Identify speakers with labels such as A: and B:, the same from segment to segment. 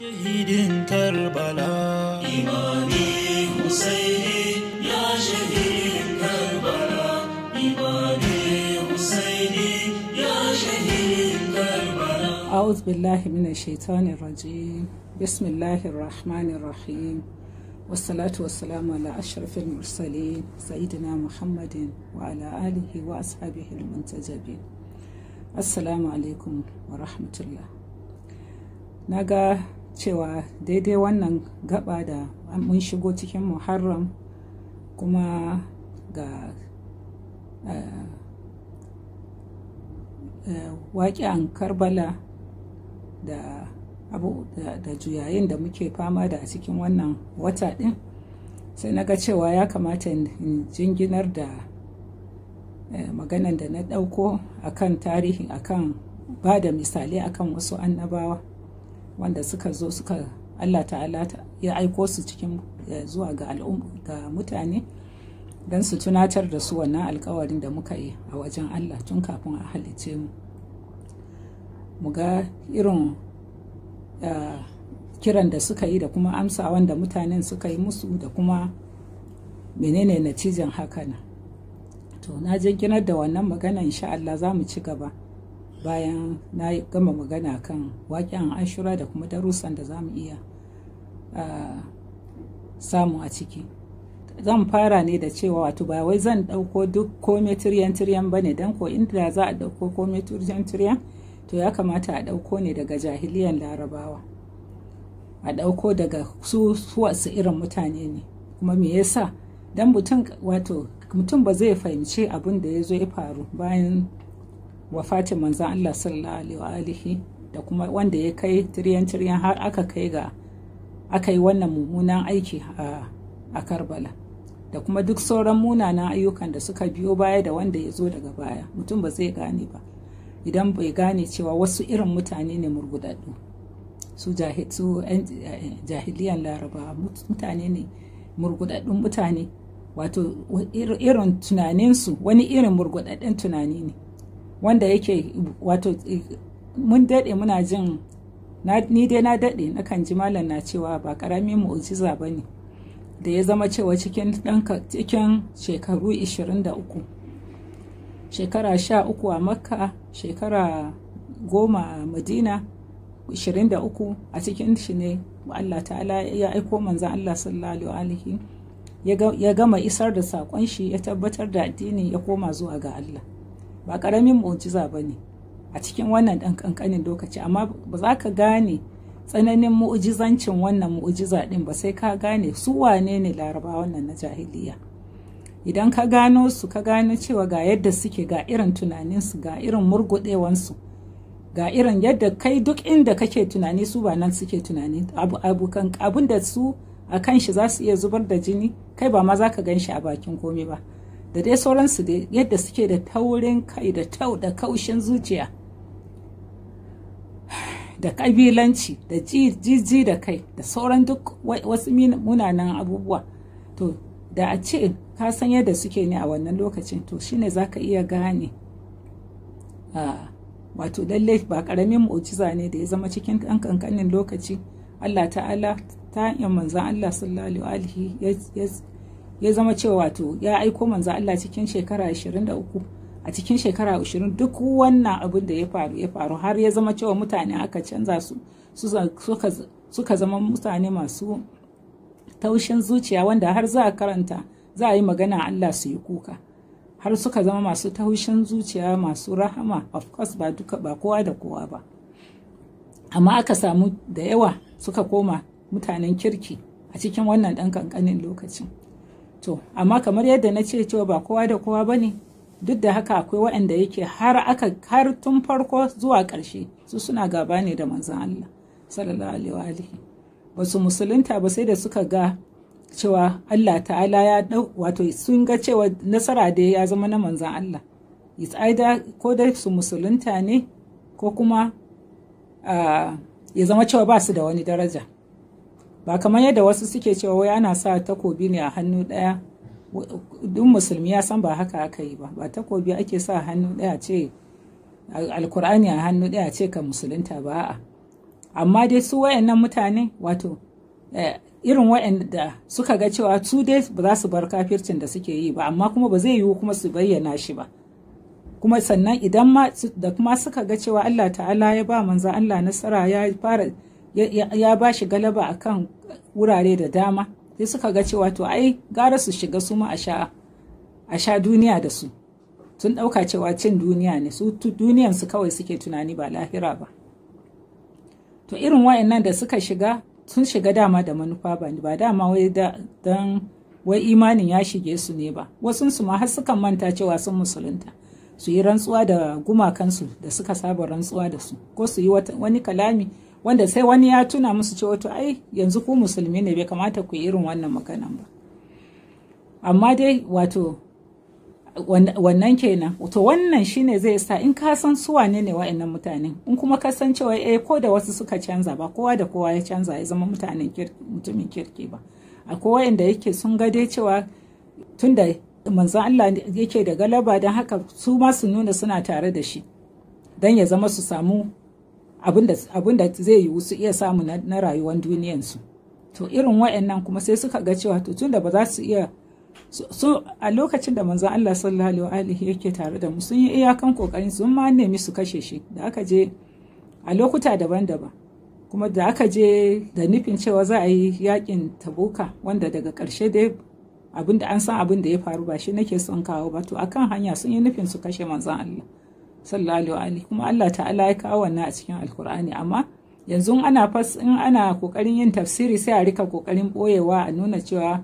A: shahidin karbala imani husaini ya shahidin karbala imani husaini ya shahidin karbala a'udhu billahi minash shaitanir rajim bismillahir rahmanir rahim ashrafil mursalin muhammadin wa alihi wa ashabihi al wa rahmatullah cewa daidai wannan gaba da mun shigo cikin muharram kuma ga eh, eh, waƙi an karbala da abu da, juyayin da muke fama da a cikin wannan wata ɗin sai na ga cewa ya kamata in jinginar da magana eh, maganan da na ɗauko akan tarihi akan ba da misali akan wasu annabawa wanda suka zo suka Allah ta'ala ya aiko su cikin eh, zuwa ga ga mutane don su tunatar da su wannan alkawarin da muka yi a wajen Allah tun kafin a halice mu mu ga irin eh, kiran da suka yi da kuma amsa, wanda mutanen suka yi musu da kuma menene natijan haka na to na jinkinar da wannan magana insha Allah za mu ci gaba bayan na gama magana kan waƙen ashura da kuma darussan da za mu iya samu a ciki zan fara ne da cewa wato ba wai zan ɗauko duk komai tiryan tiryan ba ne don ko inda za a ɗauko komai tiryan tiryan to ya kamata a ɗauko ne daga jahiliyan larabawa a ɗauko daga su wasu irin mutane ne kuma me yasa don mutum wato mutum ba zai fahimci abin da ya zo ya faru bayan wafatin manzan Allah sallallahu alaihi da kuma wanda ya kai tiryan tiryan har aka kai ga aka yi wannan mummunan aiki a Karbala da kuma duk sauran munanan ayyukan da suka biyo baya da wanda ya zo daga baya mutum ba zai gane ba idan bai gane cewa wasu irin mutane ne murgudaddu su eh, jahiliyan laraba mutane ne murgudaddun mutane wato irin tunaninsu wani irin murgudaddun tunani ne wanda yake wato mun daɗe muna jin ni dai na daɗe na kan ji malam na cewa ba ƙaramin mu'ujiza ba ne da ya zama cewa cikin cikin shekaru 23 shekara 13 a makka shekara 10 a madina 23 a cikin shi ne Allah ta'ala ya aiko manzan Allah sallallahu alaihi ya gama isar da saƙon shi ya tabbatar da addini ya koma zuwa ga Allah ba karamin mu'ujiza ba ne a cikin wannan ɗan ƙanƙanin lokaci amma ba za ka gane tsananin mu'ujizancin wannan mu'ujiza ɗin ba sai ka gane su wane ne larabawa wannan na jahiliya idan ka gano su ka gano cewa ga yadda suke ga irin tunaninsu ga irin murguɗewansu ga irin yadda kai duk inda kake tunani su ba nan suke tunani abun da su a kan shi za su iya zubar da jini kai ba ma za ka gan shi a bakin komai ba da dai sauransu dai yadda suke da taurin kai da tau da kaushin zuciya da kabilanci da jijji da kai da sauran duk wasu munanan abubuwa to da a ce ka san yadda suke ne a wannan lokacin to shine za ka iya gane wato lallai ba karamin mu'ujiza ne da ya zama cikin ɗan kankanin lokaci allah ta'ala ta hanyar manzan allah sallallahu alaihi ya zama cewa wato ya aiko manzo Allah cikin shekara 23 a cikin shekara 20 duk wannan abin da ya faru ya faru har ya zama cewa mutane aka canza su suka zama mutane masu taushin zuciya wanda har za a karanta za a yi magana Allah su yi kuka har suka zama masu taushin zuciya masu rahama of course ba duka ba kowa da kowa ba amma aka samu da yawa suka koma mutanen kirki a cikin wannan ɗan ƙanƙanin lokacin to amma kamar yadda na ce cewa ba kowa da kowa bane duk da haka akwai waɗanda yake har aka har tun farko zuwa ƙarshe su suna gaba ne da manzan Allah sallallahu alaihi wa alihi ba musulunta ba sai da suka ga cewa Allah ta'ala ya wato sun ga cewa nasara da ya zama na manzan Allah it's either ko dai su musulunta ne ko kuma ah, ya zama cewa ba su da wani daraja ba kamar yadda wasu suke cewa wai ana sa takobi ne a hannu ɗaya duk musulmi ya san ba haka aka yi ba ba takobi ake sa hannu ɗaya ce alkur'ani a hannu ɗaya ce ka musulunta ba a amma dai su wayannan mutane wato eh, irin wayanda suka ga cewa su dai ba za su bar kafircin da suke yi ba amma kuma ba zai yiwu kuma su bayyana shi ba kuma sannan idan ma da kuma suka ga cewa Allah ta'ala ya ba manzo Allah nasara ya fara ya ba shi galaba a kan wurare da dama sai suka ga cewa to ai gara su shiga su ma a sha duniya da su sun ɗauka cewa cin duniya ne su duniyan su kawai suke tunani ba lahira ba to irin wa'annan da suka shiga sun shiga dama da manufa ba ba dama wai don wai imanin ya shige su ne ba wasu su ma har sukan manta cewa sun musulunta su yi rantsuwa da gumakansu da suka saba rantsuwa da su ko su yi wani kalami wanda sai wani ya tuna musu cewa to ai yanzu ku musulmi ne bai kamata ku yi irin wannan maganan ba amma dai wato wannan kenan to wannan shine zai sa in ka san su wane ne wa'annan mutanen in kuma ka san cewa eh ko da wasu suka canza ba kowa da kowa ya canza ya zama mutanen mutumin kirki ba akwai wa'anda yake sun ga dai cewa tunda manzon Allah yake da galaba don haka su ma su nuna suna tare da shi don ya zama su samu abin da zai yiwu su iya samu na rayuwar duniyansu to irin wa'annan kuma sai suka ga cewa to tun da ba za su iya so a lokacin da manzo Allah sallallahu alaihi yake tare da mu sun yi iyakan kokarin sun ma nemi su kashe shi da aka je a lokuta daban-daban kuma da aka je da nufin cewa za a yi yakin tabuka wanda daga ƙarshe dai abin an san abin da ya faru ba shi nake son kawo ba to akan hanya sun yi nufin su kashe manzan Allah sallallahu alaihi kuma Allah ta'ala ya kawo wannan a cikin alkur'ani amma yanzu ana fas in ana kokarin yin tafsiri sai a rika kokarin boyewa a nuna cewa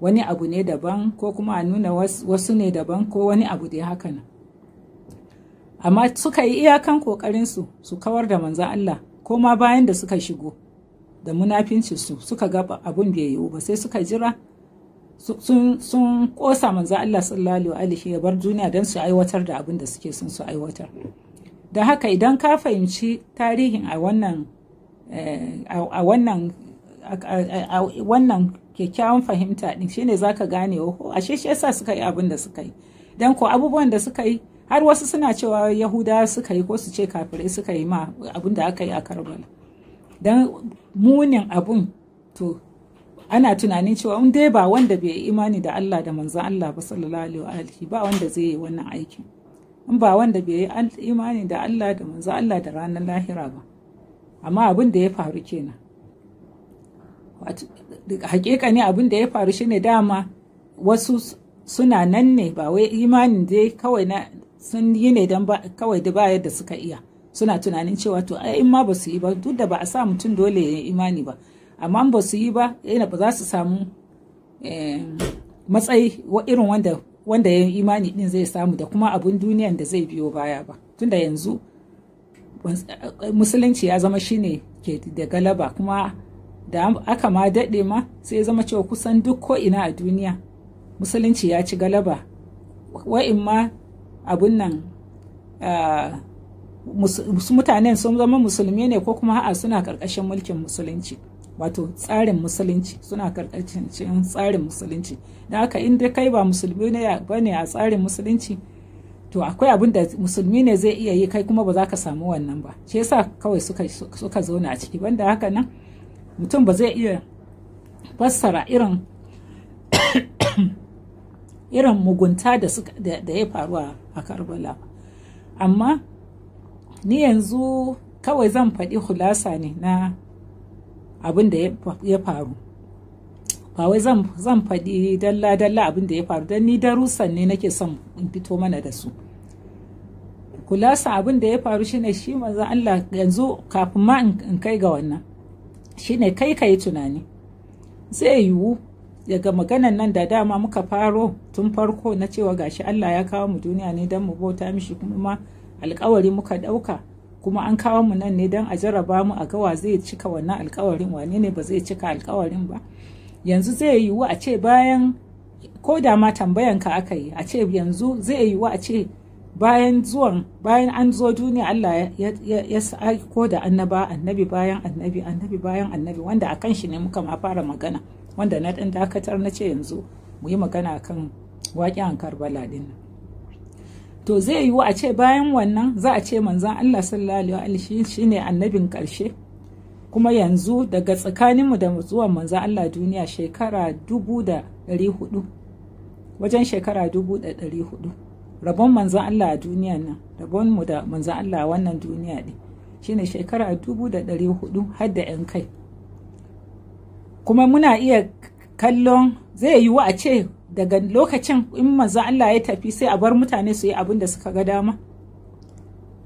A: wani abu ne daban ko kuma a nuna wasu ne daban ko wani abu dai haka nan amma suka yi iyakan kokarin su su kawar da manzan Allah ko ma bayan da suka shigo da munafincin su suka ga abun bai yiwu ba sai suka jira sun kosa manzo Allah sallallahu alaihi ya bar duniya don su aiwatar da abin da suke son su aiwatar da haka idan ka fahimci tarihin a wannan eh, a wannan kyakkyawan fahimta din shine zaka gane oho ashe shi yasa suka yi abin da suka yi dan ko abubuwan da suka yi har wasu suna cewa yahuda suka yi ko su ce kafirai suka yi ma abin da aka yi a karbala dan munin abun to ana tunanin cewa in dai ba wanda bai imani da Allah da manzan Allah ba sallallahu alaihi ba wanda zai yi wannan aikin in ba wanda bai yi imani da Allah da manzan Allah da ranar lahira ba amma abin da ya faru kenan hakika ne abin da ya faru shine dama wasu suna nan ne ba wai imanin dai kawai na sun yi ne don kawai da ba yadda suka iya suna tunanin cewa to ai in ma ba su yi ba duk da ba a sa mutum dole ya imani ba amma ba su yi ba yana ba za su samu eh, matsayi irin wanda wanda yi imani din zai samu da kuma abin duniyan da zai biyo baya ba tunda yanzu musulunci ya zama shine ke da galaba kuma da aka ma daɗe ma sai ya zama cewa kusan duk ko ina a duniya musulunci ya ci galaba wa'in ma abun nan ah, mutanen sun zama musulmi ne ko kuma ha'a suna ƙarƙashin mulkin musulunci wato tsarin musulunci suna karkashin tsarin musulunci da haka in dai kai ba musulmi ne ba ne a tsarin musulunci to akwai abin da musulmi ne zai iya yi kai kuma ba za ka samu wannan ba shi yasa kawai suka suka zauna a ciki banda haka nan mutum ba zai iya fassara irin irin mugunta da da ya faru a Karbala amma ni yanzu kawai zan faɗi hulasa ne na abin da ya faru ba wai zan faɗi dalla-dalla abin da ya faru don ni darussan ne nake son in fito mana da su kulasa abin da ya faru shine shi maza, Allah yanzu kafin ma in kai ga wannan shine kai ka yi tunani zai yiwu daga maganan nan da dama muka faro tun farko na cewa gashi Allah ya kawo mu duniya ne don mu bauta mishi kuma alkawari muka ɗauka kuma an kawo mu nan ne don a jarraba mu a gawa zai cika wannan alkawarin wane ne ba zai cika alkawarin ba yanzu zai yiwu a ce bayan ko da ma tambayan ka aka yi a ce yanzu zai yiwu a ce bayan zuwan bayan an zo duniya Allah ya ko da annaba annabi bayan annabi annabi bayan annabi wanda a kan shi ne muka ma fara magana wanda na dan dakatar na ce yanzu mu yi magana kan waƙi an karbala ɗin to zai yiwu a ce bayan wannan za a ce manzan Allah sallallahu alaihi shine annabin ƙarshe kuma yanzu daga tsakaninmu da zuwan manzan Allah duniya shekara dubu da ɗari hudu wajen shekara dubu da ɗari hudu rabon manzan Allah a duniya nan rabon mu da manzan Allah a wannan duniya ne shine shekara dubu da ɗari hudu har da 'yan kai kuma muna iya kallon zai yiwu a ce daga lokacin in maza Allah ya tafi sai a bar mutane su yi abin da suka ga dama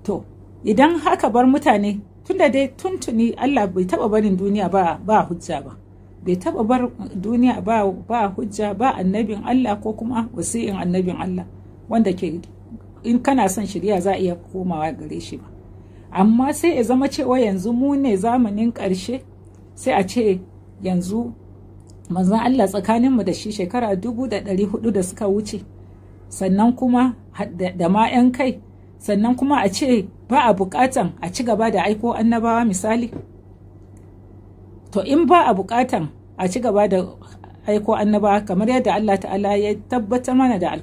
A: to idan haka bar mutane tunda dai tuntuni Allah bai taba barin duniya ba ba hujja ba bai taba bar duniya ba ba hujja ba annabin Allah ko kuma wasi'in annabin Allah wanda ke in kana son shirya za a iya komawa gare shi ba amma sai ya zama cewa yanzu mu ne zamanin ƙarshe sai a ce yanzu manzon Allah tsakaninmu da shi shekara dubu da ɗari hudu da suka wuce sannan kuma da ma 'yan kai sannan kuma a ce ba a bukatan a ci gaba da aiko annabawa misali to in ba a bukatan a ci gaba da aiko annabawa kamar yadda Allah ta'ala ya tabbata mana da a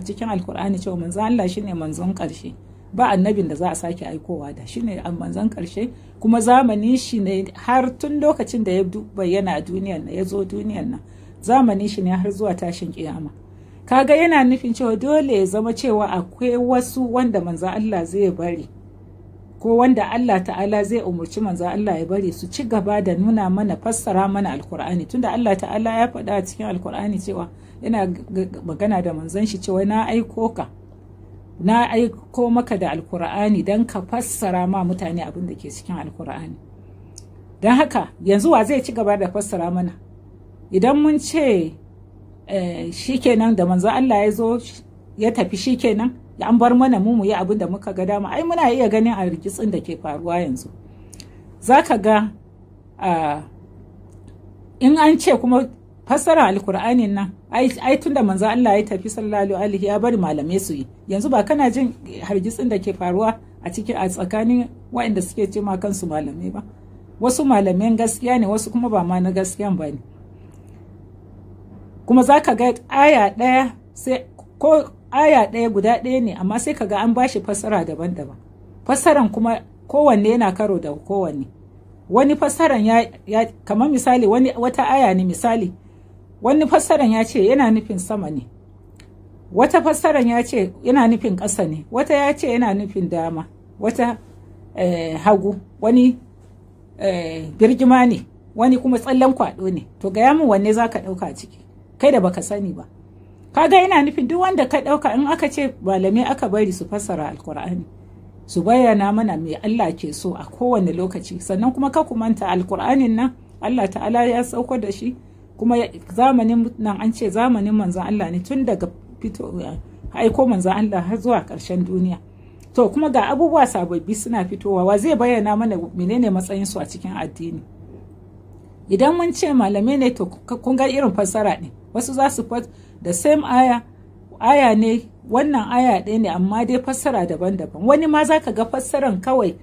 A: cikin alkur'ani cewa manzon Allah shine manzon ƙarshe ba annabin da za a sake aikowa da ne a manzan karshe kuma zamanin shi ne har tun lokacin da ya bayyana a duniyar nan ya zo duniyar nan zamanin shi ne har zuwa tashin kiyama kaga yana nufin cewa dole ya zama cewa akwai wasu wanda manzan Allah zai bari ko wanda Allah ta'ala zai umarci manzan Allah ya bari su ci gaba da nuna mana fassara mana alkur'ani tunda Allah ta'ala ya faɗa cikin alkur'ani cewa yana magana da manzan shi cewa na aiko ka na aiko maka da alkur'ani don ka fassara ma mutane abin da ke cikin alkur'ani don haka yanzu wa zai ci gaba da fassara mana idan mun ce eh, shikenan da manzo Allah ya zo ya tafi shikenan an bar mana mu yi abin da muka ga dama ai muna iya ganin a rikitsin da ke faruwa yanzu za ka ga ah, in an ce kuma fassara alkur'anin nan ai tunda manzo Allah ya tafi sallallahu alaihi ya bari malamai su yi yanzu ba kana jin hargitsin da ke faruwa a cikin a tsakanin waɗanda suke ce ma kansu malamai ba wasu malamai gaskiya ne wasu kuma ba ma na gaskiya ba ne kuma za ga aya ɗaya sai ko aya ɗaya guda ɗaya ne amma sai ka ga an bashi fassara daban-daban fassaran kuma kowanne yana karo da kowanne wani fassaran ya kamar misali wani wata aya ne misali wani fassaran ya ce yana nufin sama ne wata fassaran ya ce yana nufin ƙasa ne wata ya ce yana nufin dama wata eh, hagu wani eh, birgima ne wani kuma tsallen kwaɗo ne to gaya min wanne za ka ɗauka ciki kai da baka sani ba kaga yana nufin duk wanda ka ɗauka in aka ce malamai aka bari su fassara alkur'ani su bayyana mana me Allah ke so a kowane lokaci sannan kuma ka kumanta alkur'anin nan Allah ta'ala ya sauko da shi kuma zamanin nan an ce zamanin manzan Allah ne tun daga fito aiko manzan Allah har zuwa ƙarshen duniya to kuma ga abubuwa sababbi suna fitowa wa zai bayyana mana menene matsayin su a cikin addini idan mun ce malamai ne to kun ga irin fassara ne wasu za su fat da same aya aya ne wannan aya ɗaya ne amma dai fassara daban-daban wani ma za ka ga fassaran kawai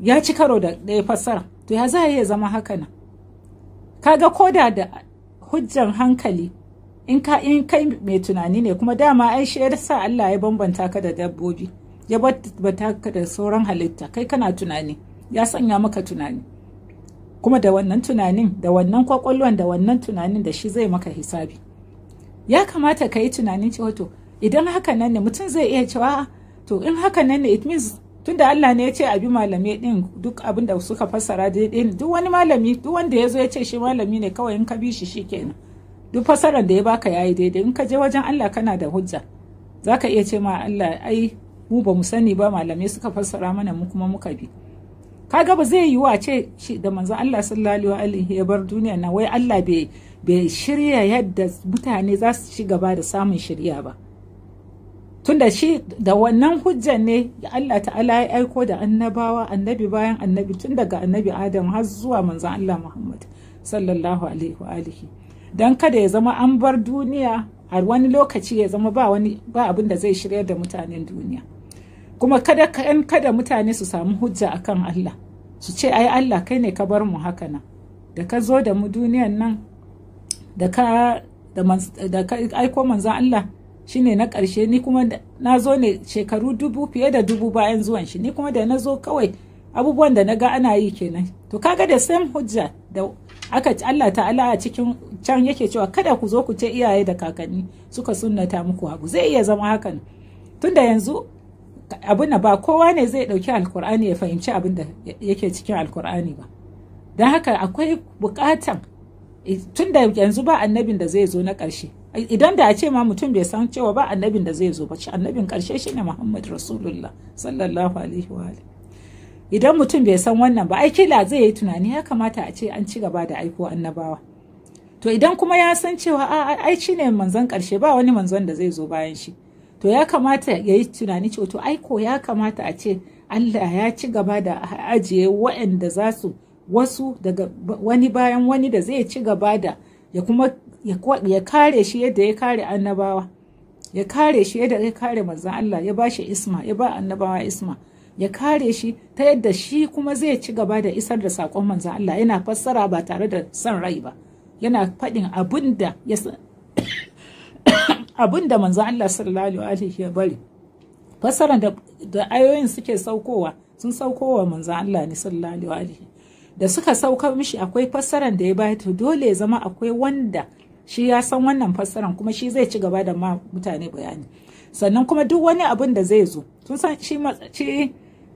A: ya ci karo da ɗaya fassara to ya za a iya zama haka nan kaga koda da hujjan hankali in ka in kai mai tunani ne kuma dama ai shi sa Allah ya bambanta ka da dabbobi ya bata ka da sauran halitta kai kana tunani ya sanya maka tunani kuma da wannan tunanin da wannan kwakwalwan da wannan tunanin da shi zai maka hisabi ya kamata ka yi tunanin cewa to idan haka nan ne mutum zai iya cewa to in haka nan ne it means tunda Allah ne ya ce abi malami din duk abin da suka fassara daidai ne duk wani malami duk wanda ya zo ya ce shi malami ne kawai in ka bi shi shikenan duk fassarar da ya baka yayi daidai in ka je wajen Allah kana da hujja zaka iya ce ma Allah ai mu ba mu sani ba malami suka fassara mana mu kuma muka bi kaga ba zai yiwu a ce shi da manzon Allah sallallahu alaihi ya bar duniya na wai Allah bai bai shirya yadda mutane za su ci gaba da samun shirya ba tunda shi da wannan hujjan ne Allah ta'ala ya aiko da annabawa annabi bayan annabi tun daga annabi adam har zuwa manzan Allah Muhammad sallallahu alaihi wa alihi dan kada ya zama an bar duniya a wani lokaci ya zama ba wani ba abin da zai shirya da mutanen duniya kuma kada kan kada mutane su samu hujja akan Allah su ce ai Allah kai ne ka bar mu haka nan da ka zo da mu duniyan nan da ka da aiko manzan Allah shine na ƙarshe ni kuma na zo ne shekaru dubu fiye da dubu bayan zuwan shi ni kuma da na zo kawai abubuwan da na ga ana yi kenan to kaga da same hujja da aka Allah ta'ala a cikin can yake cewa kada ku zo ku ce iyaye da kakanni suka sunnata muku abu zai iya zama hakan tunda yanzu abu na ba kowa ne zai ɗauki alkur'ani ya fahimci abin da yake cikin alkur'ani ba don haka akwai bukatan eh, tunda yanzu ba annabin da zai zo na ƙarshe idan da a ce ma mutum bai san cewa ba annabin da zai zo ba annabin karshe shine Muhammad Rasulullah sallallahu alaihi wa idan mutum bai san wannan ba ai zai yi tunani ya kamata a ce an ci gaba da aiko annabawa to idan kuma ya san cewa a ai shine manzon karshe ba wani manzon da zai zo bayan shi to ya kamata ya yi tunani cewa to aiko ya kamata a ce Allah ya ci gaba da ajiye waanda za su wasu daga wani bayan wani da zai ci gaba da ya kuma ya kare shi yadda ya kare annabawa ya kare shi yadda ya kare manzan Allah ya ba shi isma ya ba annabawa isma ya kare shi ta yadda shi kuma zai ci gaba da isar da saƙon manzan Allah yana fassara ba tare da son rai ba yana faɗin abin da ya abin da manzan Allah sallallahu alaihi ya bari fassara da, da ayoyin suke saukowa sun saukowa manzan Allah ne sallallahu alaihi da suka sauka mishi akwai fassaran da ya bayar to dole ya zama akwai wanda shi ya san wannan fassaran kuma shi zai ci gaba da ma mutane bayani sannan kuma duk wani abin da zai zo sun san shi ce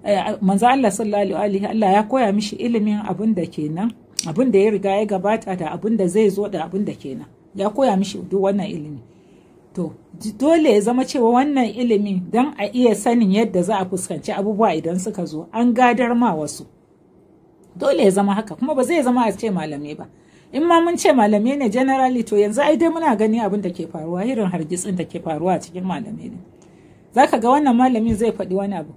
A: eh, manzo Allah sallallahu alaihi Allah ya koya mishi ilimin abin da kenan abin da ya riga ya gabata da abin da zai zo da abin da kenan ya koya mishi duk wannan ilimi to dole ya zama cewa wannan ilimi dan a iya sanin yadda za a fuskanci abubuwa idan suka zo an gadar ma wasu dole ya zama haka kuma ba zai zama a ce malamai ba in ma mun ce malamai ne generally to yanzu ai dai muna gani abin da ke faruwa irin hargitsin da ke faruwa a cikin malamai ne za ka ga wannan malamin zai faɗi wani abu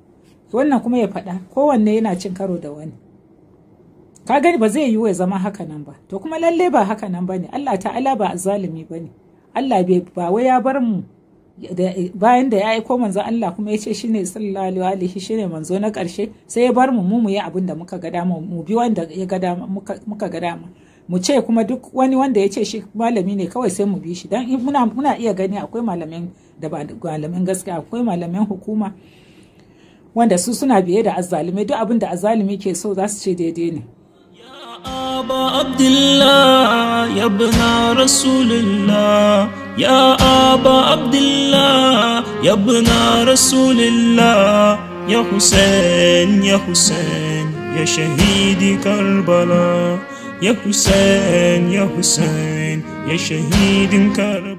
A: wannan kuma ya faɗa kowanne yana cin karo da wani ka gani ba zai yi ya zama haka nan ba to kuma lalle ba haka nan ba ne allah ta'ala ba zalimi ba ne allah ba wai ya bar mu bayan da ya aiko manzo Allah kuma ya ce shi ne sallallahu alaihi shi ne manzo na karshe sai ya bar mu mu mu yi abin da muka ga mu bi wanda ya ga muka ga dama mu ce kuma duk wani wanda ya ce shi malami ne kawai sai mu bi shi don muna, iya gani akwai malamin da ba malamin gaskiya akwai malamin hukuma wanda su suna biye da azalimi duk abin da azzalumi ke so za su ce daidai ne ya aba الله ya bina Rasulullah ya يا ya عبد ya shahidi Karbala. Ya Hüseyin ya Hüseyin ya şehidim karabasan